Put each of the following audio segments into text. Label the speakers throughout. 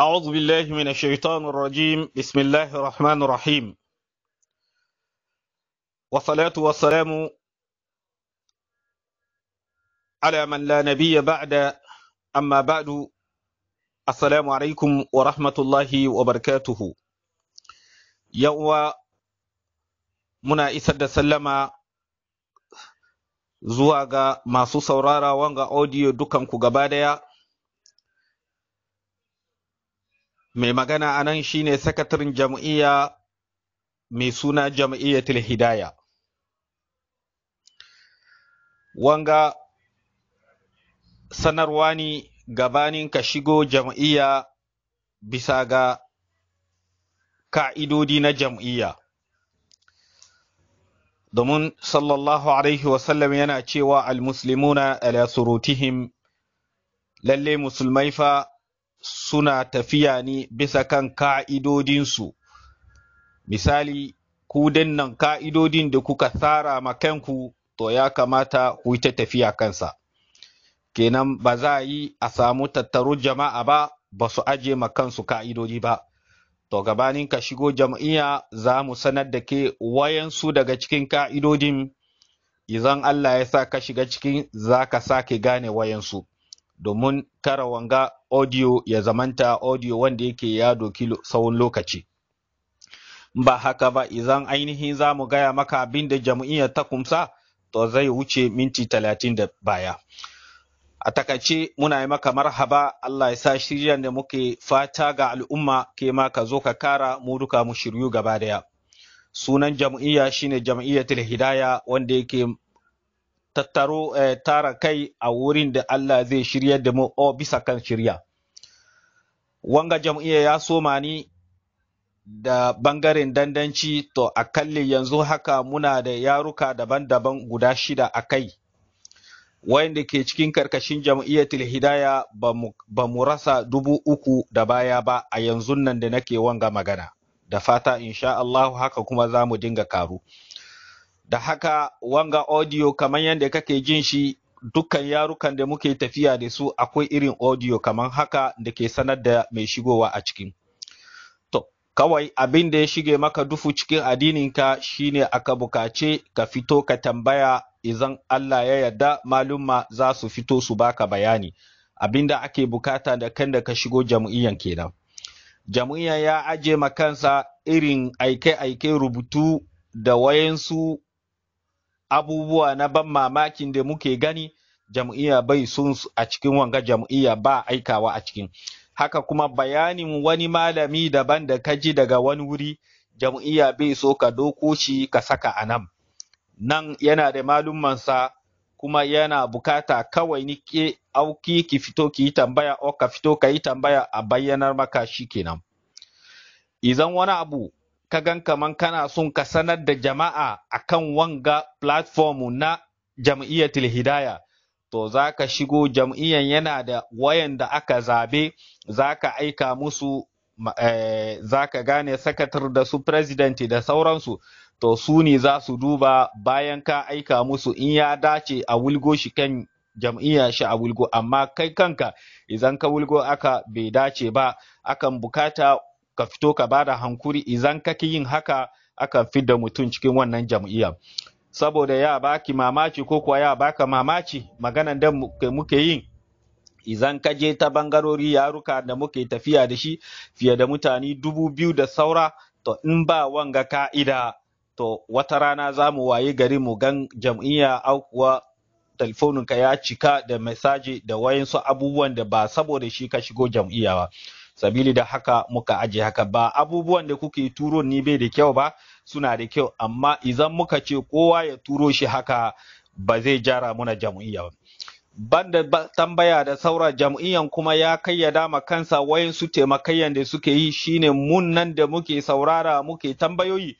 Speaker 1: أعوذ بالله من الشيطان الرجيم بسم الله الرحمن الرحيم والصلاة والسلام على من لا نبي بعد أما بعد السلام عليكم ورحمة الله وبركاته يوم muna isar da sallama zuwa ga masu saurara wanga audio dukanku gaba daya mai magana a nan shine sakatarin jam'iyya mai suna jam'iyyatul hidaya wanga sanarwa ne gabanin ka shigo jam'iyya bisa ga ka'idodi na jam'iyya domin sallallahu alaihi wasallam yana cewa almuslimuna ala surutihim lalle musulmai fa suna tafiya ne bisa kan ka'idodinsu. Misali, ku nan ka'idodin da kuka tsara ma kanku to ya kamata ku ta tafiya kansa. Kenan ba za a yi a samu tattaru jama'a ba, ba su aje ma kansu ka'idodi ba. To gabanin ka shigo jam'iyya za mu sanar da ke wayansu daga cikin ka'idodin Izan Allah ya sa ka shiga cikin za ka sake gane wayansu. Domin kara wanga audio ya zamanta audio wanda yake ya doki tsawon lokaci ba haka ba izan ainihin za mu gaya maka abin da jam'iyyar ta kumsa to zai wuce minti talatin da baya a takaice muna yi maka marhaba Allah ya sa shiryan da muke fata ga al'umma ke ma ka zo ka kara mu duka mu shiryu gaba daya sunan jam'iyya shine jam'iyyatul hidaya wanda yake tattaro eh, tara kai a wurin da Allah zai shirya da mu o bisa kan shirya wanga jam'iyya ya soma ni da bangaren dandanci to a akalli yanzu haka muna da yaruka daban-daban guda shida a kai wayanda ke cikin karkashin jam'iyyatul hidaya ba mu rasa dubu uku da baya ba a yanzu nan da nake wanga magana da fata insha Allah haka kuma za mu dinga karu da haka wanga audio kamar yadda kake jin shi dukkan yarukan da muke tafiya da su akwai irin audio kamar haka da ke sanar da mai shigowa a cikin to kawai abin da ya shige maka dufu cikin addininka shine aka bukace ka fito ka tambaya izan Allah ya yarda malumma za su fito su baka bayani abinda ake bukata da kan da ka shigo jam'iyyan kenan jam'iyyar ya aje makansa irin aike-aike rubutu da wayansu abubuwa na ban mamakin da muke gani jam'iyya bai sun a cikin wanga jam'iyya ba aikawa a cikin haka kuma bayanin wani malami daban da ka ji daga wani wuri jam'iyya bai so ka doko shi ka saka a nan nan yana da sa kuma yana bukata kawai ni ke auki ki fito ki yi tambaya o ka fito ka yi tambaya a bayyanar maka shi kenan. Izan wani abu ka gan kaman kana son ka sanar da jama'a akan wanga platform na jam'iyyatul hidaya to za ka shigo jam'iyyan yana da wayan da aka zabe za ka aika musu eh, za ka gane sakatar da su president da sauransu to su ne za su duba bayan ka aika musu in ya dace a wulgo shi kan jam'iyya shi a wulgo amma kai kanka idan ka wulgo aka bai dace ba akan bukata ka fito ka bada hankuri izan kake yin haka aka da mutum cikin wannan jam'iyya saboda ya baki mamaci ko kuwa ya baka mamaci maganan da muke yin izan ka je ta bangarori yaruka da muke tafiya da shi fiye da mutane dubu biyu da saura to in ba wanga ka'ida to wata rana za mu waye gari mu gan jam'iyya au kuwa telefoninka ya cika da mesaji da wayansu abubuwan da ba saboda shi ka shigo jam'iyya ba sabili da haka muka aje haka ba abubuwan da kuke turo ni bai da kyau ba suna da kyau amma idan muka ce kowa ya turo shi haka ba zai jara muna jam'iyya ba banda tambaya da saura jam'iyyan kuma ya kayyada ma kansa wayan wayansu taimakayyan da suke yi shine mun nan da muke saurara muke tambayoyi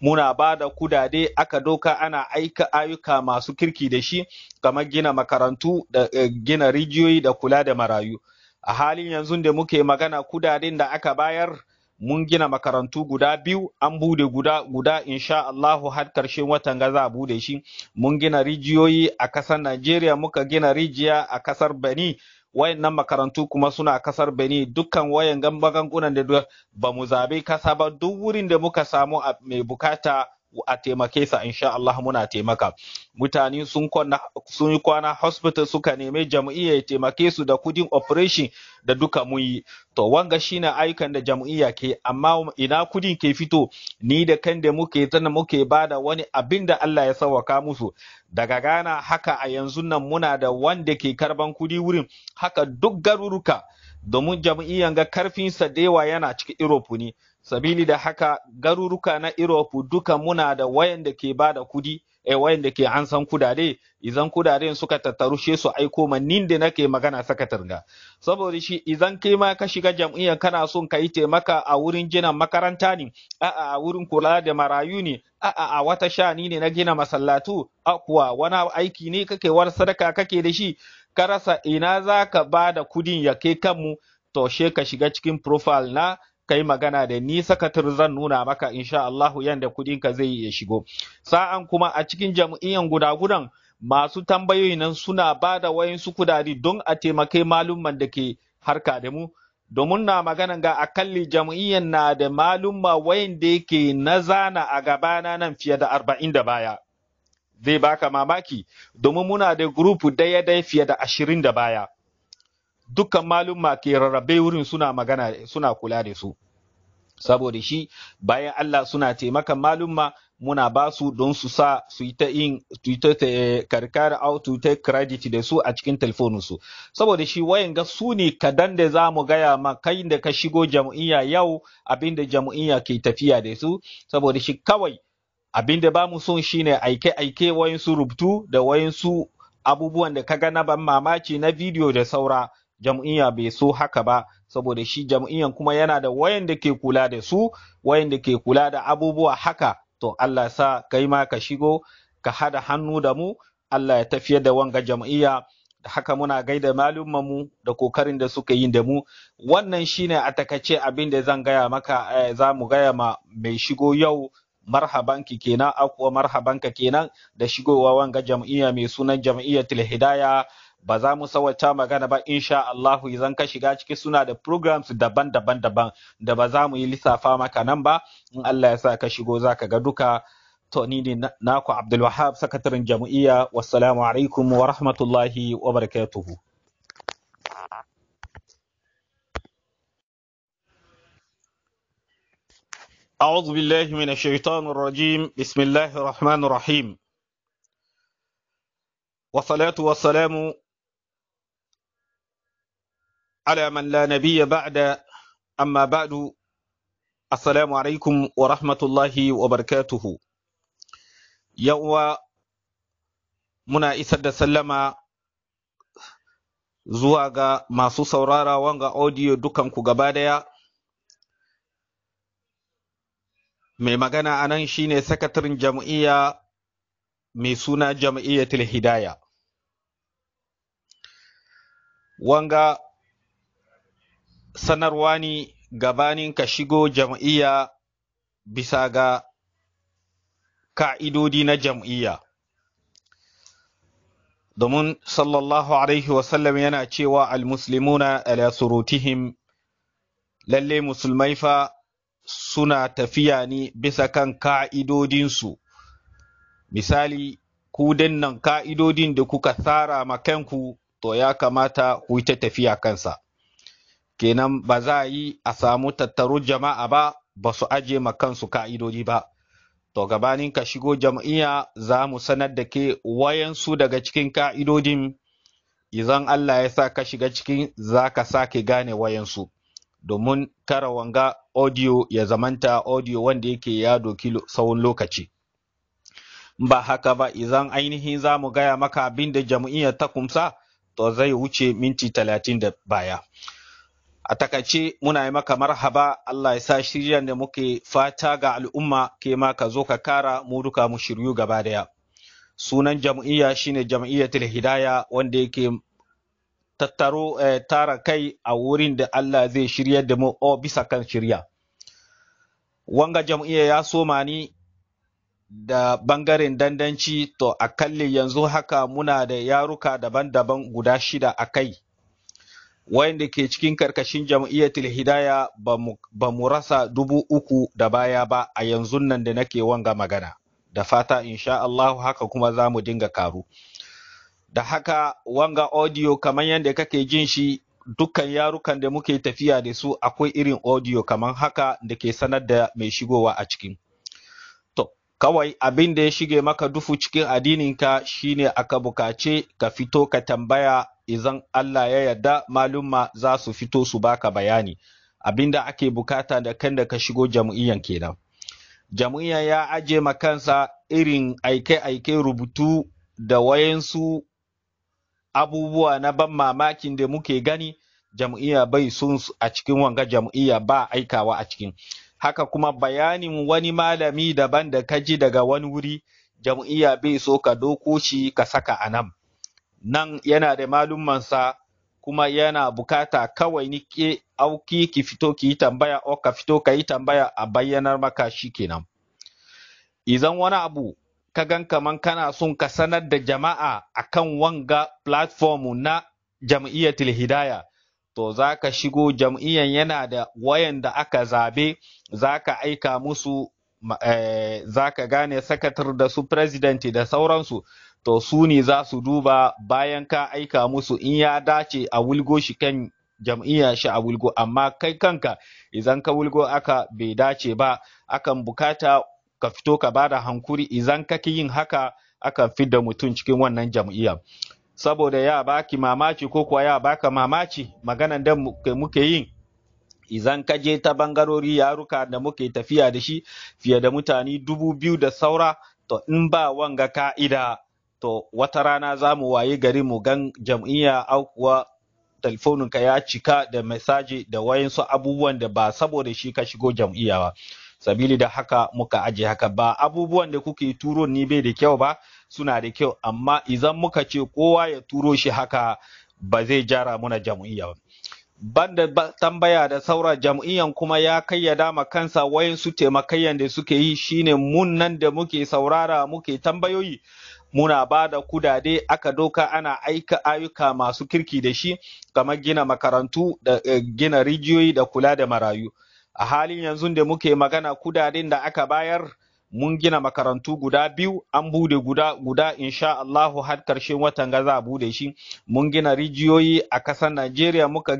Speaker 1: muna bada kudade aka doka ana aika ayyuka masu kirki da shi kamar gina makarantu da eh, gina rijiyoyi da kula da marayu a halin yanzu da muke magana kudaden da aka bayar mun gina makarantu guda biyu an bude guda guda insha Allahu har karshen watan ga za bude shi mun gina rijiyoyi a kasar Najeriya muka gina rijiya a kasar Benin wayannan makarantu kuma suna kasar Benin dukkan wayan magungunan da ba mu zabe kasa ba duk wurin da muka samu mai bukata a taimake sa insha Allah muna taimaka mutane sun kwana sun yi kwana hospital suka neme jam'iyya ya taimake su da kudin operation da duka mun yi to wanga shine ayyukan da jam'iyya ke amma ina kudin ke fito ni da kan da muke tana muke bada wani abin da Allah ya sawaka musu daga gana haka a yanzu nan muna da wanda ke karban kudi wurin haka duk garuruka domin jam'iyyan ga karfin sa da yawa yana cikin Europe ne sabili da haka garuruka na Europe duka muna da wayan da ke ba da kudi e wayanda ke eh, an san kudade idan kudaden suka tattarushe su aiko ma nin da nake magana sakatarga saboda shi idan kai ma ka shiga jam'iyyar kana son ka yi taimaka a wurin gina makaranta ne a'a a wurin kula da marayu ne a'a a wata shani ne na gina masallatu a kuwa wani aiki ne kake war sadaka kake da shi ka rasa ina za ka ba da kudin ya kai kanmu to she ka shiga cikin profile na kai magana da ni sakatar zan nuna maka insha Allahu yanda kudinka zai iya shigo sa'an kuma a cikin jam'iyyan guda gudan masu tambayoyi nan suna ba da wayansu kudade don a taimake malumman da ke harka da mu domin na magana ga akalli jam'iyyar na da malumma wayanda yake na zana a gabana nan fiye da arba'in da baya zai baka mamaki domin muna da guruf daya daya fiye da ashirin da baya dukkan malumma ke rarrabe wurin suna magana suna kula da su saboda shi bayan Allah suna taimakan malumma muna ba su don su sa su yi ta yin ta karkar auto ta credit da su a cikin telefoninsu saboda shi wayan ga su ne kadan da za mu gaya ma kai da ka shigo jam'iyya yau abinda jam'iyya ke tafiya da su saboda shi kawai abinda ba mu son shine aike aike wayan su rubutu da wayan su abubuwan da ka ga na ban mamaci na video da saura jam'iyya bai so haka ba saboda shi jam'iyyan kuma yana da wayan da ke kula da su wayan da ke kula da abubuwa haka to Allah sa kai ma ka shigo ka hada hannu da mu Allah ya tafiyar da wanga jam'iyya da haka muna gaida mu da kokarin da suka yi da mu wannan shine a takace abin da zan gaya maka eh, za mu gaya ma mai shigo yau marhaban ki kenan akuwa ka kenan da shigowa wanga jam'iyya mai sunan jam'iyyatul hidayah. ba za mu sawata magana ba insha Allahu idan ka shiga ciki suna da programs daban-daban daban da ba za mu yi lissafa maka nan ba in Allah ya sa ka shigo za ka ga duka to ni ne naku Abdul Wahab sakataren jam'iyya wassalamu alaikum wa rahmatullahi wa barakatuhu أعوذ بالله من الشيطان الرجيم بسم الله الرحمن الرحيم والصلاة والسلام على من لا نبي بعد أما بعد السلام عليكم ورحمة الله وبركاته يوم muna isar da sallama zuwa ga masu saurara wanga audio dukanku gaba daya mai magana a nan shine sakatarin jam'iyya mai suna jam'iyyatul hidaya wanga sanarwa ne gabanin ka shigo jam'iyya bisa ga ka'idodi na jam'iyya. Domin sallallahu Alaihi wasallam yana cewa almuslimuna ala surutihim lalle musulmai fa suna tafiya ne bisa kan ka'idodinsu. Misali, ku nan ka'idodin da kuka tsara kanku to ya kamata ku ta tafiya kansa. kenan ba za a yi a samu tattaru jama'a ba ba su aje ma kansu ka'idoji ba to gabanin ka shigo jam'iyya za mu sanar da ke wayansu daga cikin ka'idojin Izan Allah ya sa ka shiga cikin za ka sake gane wayansu domin kara wanga audio ya zamanta audio wanda yake ya doki tsawon lokaci ba haka ba izan ainihin za mu gaya maka abin da jam'iyyar ta kumsa to zai wuce minti talatin da baya a takaice muna yi maka marhaba Allah ya sa shiryan da muke fata ga al'umma ke ma ka zo ka kara mu duka mu shiryu gaba daya sunan jam'iyya shine jam'iyyatul hidaya wanda yake tattaro eh, tara kai a wurin da Allah zai shiryar da mu o bisa kan shirya wanga jam'iyya ya soma ni da bangaren dandanci to a kalli yanzu haka muna da yaruka daban-daban guda shida a kai wayanda ke cikin karkashin jam'iyyatul hidaya ba mu rasa dubu uku da baya ba a yanzu nan da nake wanga magana da fata insha Allah haka kuma za mu dinga karu da haka wanga audio kamar yadda kake jin shi dukkan yarukan da muke tafiya da su akwai irin audio kamar haka da ke sanar da mai shigowa a cikin to kawai abin da ya shige maka dufu cikin addininka shine aka bukace ka fito ka tambaya izan Allah ya yarda malumma za su fito su baka bayani abinda ake bukata da kan da ka shigo jam'iyyan kenan jam'iyya ya aje makansa irin aike-aike rubutu da wayansu abubuwa na ban mamakin da muke gani jam'iyya bai sun a cikin wanga jam'iyya ba aikawa a cikin haka kuma bayanin wani malami daban da ka ji daga wani wuri jam'iyya bai so ka doko shi ka saka a nan nan yana da malumansa kuma yana bukata kawai ni ke auki ki fito ki yi tambaya o ka fito ka yi tambaya a bayyanar maka shi kenan idan wani abu ka gan kaman kana son ka sanar da jama'a akan wanga platform na jam'iyyatul hidaya to za ka shigo jam'iyyan yana da wayan da aka zabe za ka aika musu eh, za ka gane sakatar da su president da sauransu to su ne za su duba bayan ka aika musu in ya dace a wulgo shi kan jam'iyyar shi a wulgo amma kai kanka idan ka wulgo aka bai dace ba akan bukata ka fito ka bada hankuri idan kake yin haka akan fidda mutum cikin wannan jam'iyya saboda ya baki mamaci ko kuwa ya baka mamaci maganan da muke yin izan ka je ta bangarori yaruka da muke tafiya da shi fiye da mutane dubu biyu da saura to in ba wanga ka'ida to wata rana za mu wayi gari mu gan jam'iyya au kuwa telefoninka ya cika da mesaji da wayansu abubuwan da ba saboda shi ka shigo jam'iyya ba sabili da haka muka aje haka ba abubuwan da kuke turo ni bai da kyau ba suna da kyau amma idan muka ce kowa ya turo shi haka ba zai jara muna jam'iyya ba banda tambaya da saura jam'iyyan kuma ya kayyada ma kansa wayansu taimakayyan da suke yi shine mun nan da muke saurara muke tambayoyi muna ba da kudade aka doka ana aika ayyuka masu kirki da shi kamar gina makarantu da eh, gina rijiyoyi da kula da marayu a halin yanzu da muke magana kudaden da aka bayar mun gina makarantu guda biyu an bude guda guda insha Allahu har karshen watan ga za bude shi mun gina rijiyoyi a kasar Najeriya muka